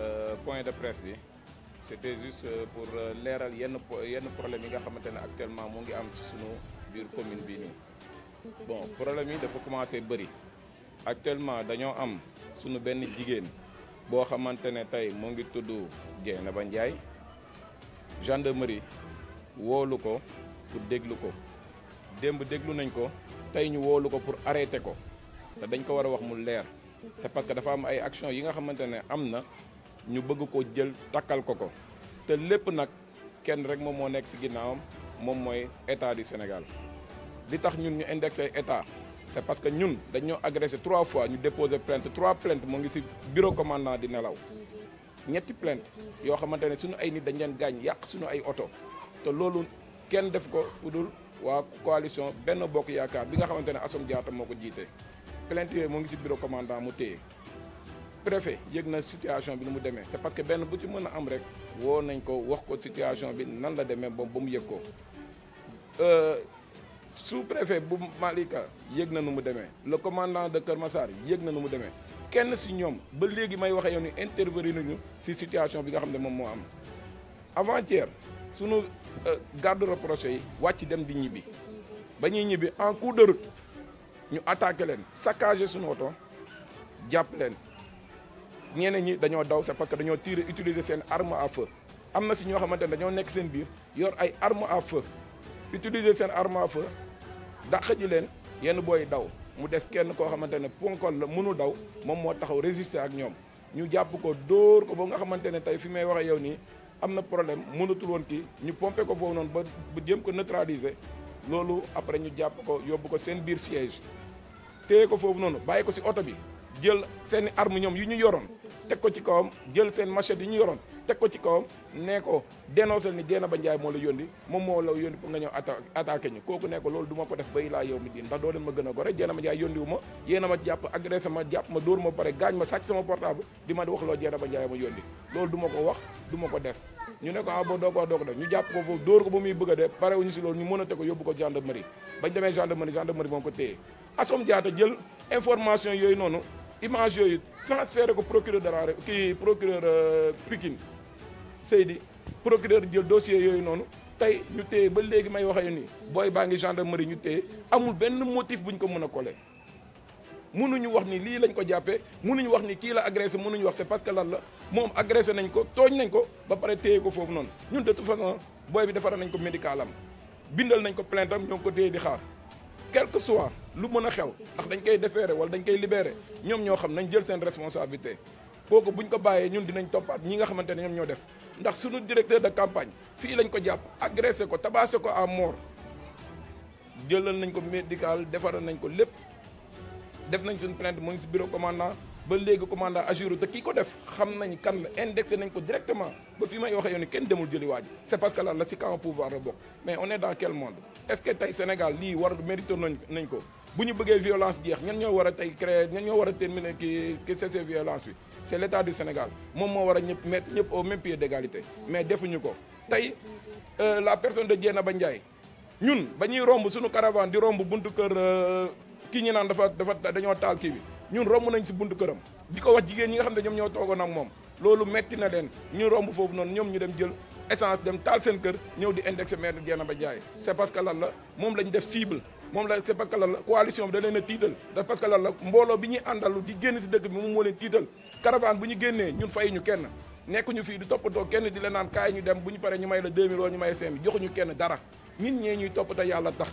Euh, point de presse bi c'était juste euh, pour euh, leeral yenn yenn problème yi nga xamante ne actuellement mu ngi am si sunu commune bi nii. bon problème yi dafa commencé bëri actuellement dañoo am sunu benn jigéen boo xamante ne tey mu ngi tudd Dieynaba Ndiaye gendarmerie woolu ko pour déglu ko démb déglu nañ ko tey ñu woolu ko pour arrêter ko te dañ ko war a wax mu leer c'est parce que dafa am ay action yi nga xamante ne am ñu bëgg ko jël takal ko ko té lépp nak kenn rek mom mo nekk ci ginnawam mom moy état du Sénégal li tax ñun ñu indexé état c'est parce que ñun dañoo agressé trois fois ñu déposer plainte trois plainte mo ngi ci bureau commandant di nelaw ñetti plainte yo xamante ne suñu ay nit dañ leen gañ yaq suñu ay auto té loolu kenn def ko udul wa coalition benn bokk yaakaar bi nga xamante ne Assome Diatta moo ko plainte yoy mo ngi ci bureau commandant mu téye préfet yëg na situation bi nu mu demee c'est parce que benn bu ci mën a am rek woo nañ ko wax ko situation bi nan la demee ba ba mu yëg ko euh, sous préfet bu Malika yëg na nu mu demee le commandant de Kër Massar yëg na nu mu demee kenn si ñoom ba léegi may waxee yow ni intervenir nañu si situation bi nga xam ne moom moo am avant-hier sunu euh, garde rapproché yi wàcc dem di ñibbi ba ñuy ñibbi en cours de route ñu attaqué leen saccagé suñu oto jàpp leen ñeneen ñi dañoo daw c'est parce que dañoo tirer utiliser sen arme à feu amna ci ño ñoo dañoo nek sen biir yor ay arme à feu utiliser sen arme à feu dàq ji leen yenn boy daw mu dess kenn ko xamante ne ponkol la mënu daw mom mo taxaw résister ak ñom ñu japp ko door ko ba nga xamante tay tey fi may waxe yow ni amna problème mënatul woon kii ñu pomper ko fofu non ba jëm ko neutraliser lolu après ñu japp ko yobbu ko sen biir siège téye ko fofu non bayiko ci auto bi jël seeni arme ñom yu ñu yoron teg ko ci kawam jël seen machette yi ñu yoroon teg ko ci kawam nee ko dénoncé ni Dieynaba Ndiaye moo la yónni moom moo la yónni pour nga ñëw attaqué ñu kooku nee loolu du ma ko def bay laa yow mi diin ndax doo leen ma gën a gore Dieynaba Ndiaye yónni wu ma yéen a ma jàpp agressé ma jàpp ma dóor pare gaañ ma sàcc sama portable di ma wax loo Dieynaba Ndiaye ma yónni loolu du ma ko wax du ma ko def ñu ne ko ah ba doo ko def ñu jàpp ko foofu dóor ko ba muy bëgg a dee pare si loolu ñu mënate ko yóbbu ko gendarmerie bañ demee gendarmerie gendarmerie moom ko téye asom jaata jël image yooyu transféré ko procureur de la kii procureur euh, Pikine Seydi procureur jël dossier yooyu noonu tay ñu téé ba légui may waxee ni boy baangi gendarmerie ñu téé amul benn motif buñ ko mëna a mënuñu wax ni li lañ ko jappé mënuñu wax ni ki la agressé mënuñu wax c'est parce que lan la mom agressé nañ ko togn nañ ko ba paré téé ko fofu non ñun de toute façon boy bi défar nañ ko médicalam bindal nañ ko plainte am ñoo ko téye di xaar quel que soit lu mën a xew ndax dañ koy déféré wala dañ koy libérer ñom ñoo xam nañ jël sen responsabilité kooku buñ ko bayé ñun dinañ topat ñi nga xamanté ñom ñoom ñoo def ndax suñu directeur de campagne fi lañ ko japp agresser ko tabasser ko à mort jëlal nañ ko médical defaral nañ ko lépp def nañ suñu plainte mu ngi si bureau kan la indexé ko directement ba fi may waxee yoon kenn demul jëli waaj c' est parce que lan la si camp pouvoir ñoo war a tey créer a moom moo war a ñëpp mettre ñëpp au même pied d' égalité mais defuñu ko tey euh, la personne de ba Ndiaye ñun ba ñuy romb suñu caravane di romb buntu kër euh, ki ñi naan dafa dafa dañoo taal kii bi ñun romb nañ si buntu këram di ko wax jigéen ñi nga xam ne ñoom ñoo toogoon ak moom loolu metti na leen ñu romb foofu noonu ñoom ñu dem jël essence dem taal seen kër ñëw di indexé maire Dieynaba Ndiaye c'est parce que lan la moom lañ def cible moom la c'est parce que lan la coalition bi da leen a tiital da parce que lan la mbooloo bi ñuy àndal di génn si dëkk bi moom moo leen tiital caravane bu ñu génnee ñun fay ñu kenn nekkuñu fii di toppatoo kenn di la naan kaay ñu dem bu ñu paree ñu may la 2000 ñu may la 5000 joxuñu kenn dara nit ñee ñuy toppatoo yàlla tax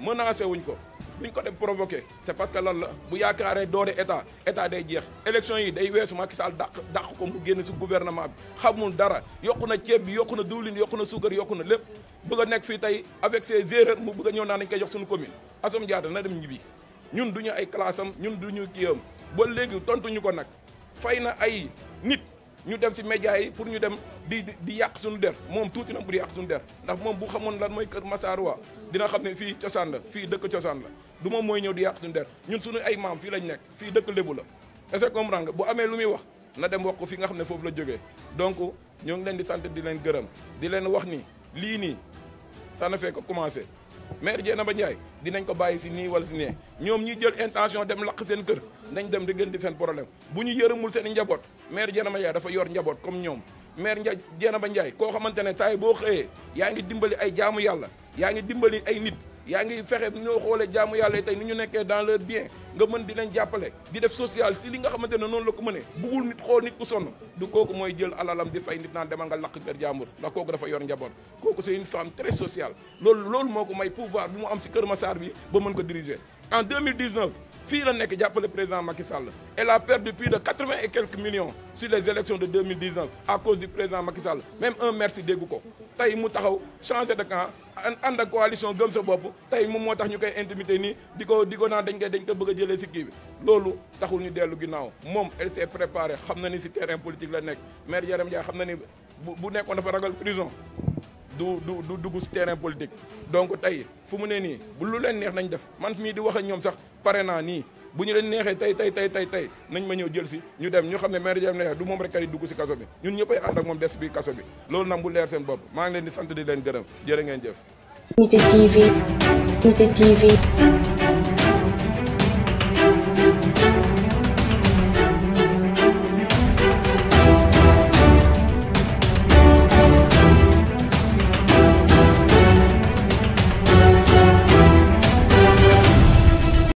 menacé wuñ ko buñ ko dem provoqué c'est parce que lan la bu yaakaaree doore état état day jeex élection yi day weesu Macky Sall dàq ko mu gouvernement bi dara yokku na ceeb bi yokku na avec ses erreurs mu bëgg a ñëw naa nañ jox suñu commune des na dem ñun duñu ay classam ñun duñu kiyam ay nit ñu dem si média yi pour ñu dem di di yàq suñu der moom tuuti na bu di yàq suñu der ndax moom bu xamoon lan mooy kër Massar waa dina xam ne fii cosaan la fii dëkk cosaan la du moom mooy ñëw di yàq der ñun suñu ay maam fii lañ nekk fii dëkk lébu la est-ce que bu amee lu muy wax na dem wax fi nga xam ne foofu la jógee donc ñoo ngi leen di sant di leen gërëm di leen wax ni lii nii ça ne fait que maire Dieynaba Ndiaye dinañ ko bàyyi si nii wala si nee ñoom ñi jël intention dem laq seen kër nañ dem di gën di seen problème bu ñu yërëmul seen i njaboot maire Dieynaba Ndiaye dafa yor njaboot comme ñoom maire Dieynaba Ndiaye koo xamante ne saa yi boo xëyee yaa ngi dimbali ay jaamu yàlla yaa ngi dimbali ay nit yaa ngi fexe ñoo xoolee jaamu yàlla tey ni ñu nekkee dans leur bien nga mën di leen jàppale di def social si li nga xamante ne noonu la ko mënee bugul nit xool nit ku sonn du kooku mooy jël alalam di fay nit naan demal nga lakk kër jàmbur ndax kooku dafa yor njaboot kooku c'est une femme très sociale loolu loolu moo ko may pouvoir bi mu am si kër Massar bi ba mën ko diriger en 2019 fii la nekk le président Macky Sall elle a perdu plus de 80 et quelques millions sur les élections de 2019 à cause du président Macky Sall même un merci de Gouko. tey taxaw changer de camp Il la coalition de sa bop, tey moom moo tax intimité ni, a ko di ko naan dañ équipes. dañ ko bëgg a jëlee Il elle s'est préparée xam terrain politique la Nek. maire Yaram Ndiaye xam na ni bu prison du du du dugg si terrain politique donc tey fu mu ne nii bu lu leen neex nañ def man mii di wax ñoom sax pare naa nii bu ñu leen neexee tey tey tey tey tey nañ ma ñëw jël si ñu dem ñu xam ne maire Diame Ndeye du moom rek kay dugg si kaso bi ñun ñëppay ànd ak moom des bi kaso bi loolu nag bu leer seen bopp maa ngi leen di sant di leen gërëm jërë ngeen jëf. Unité TV. Unité TV.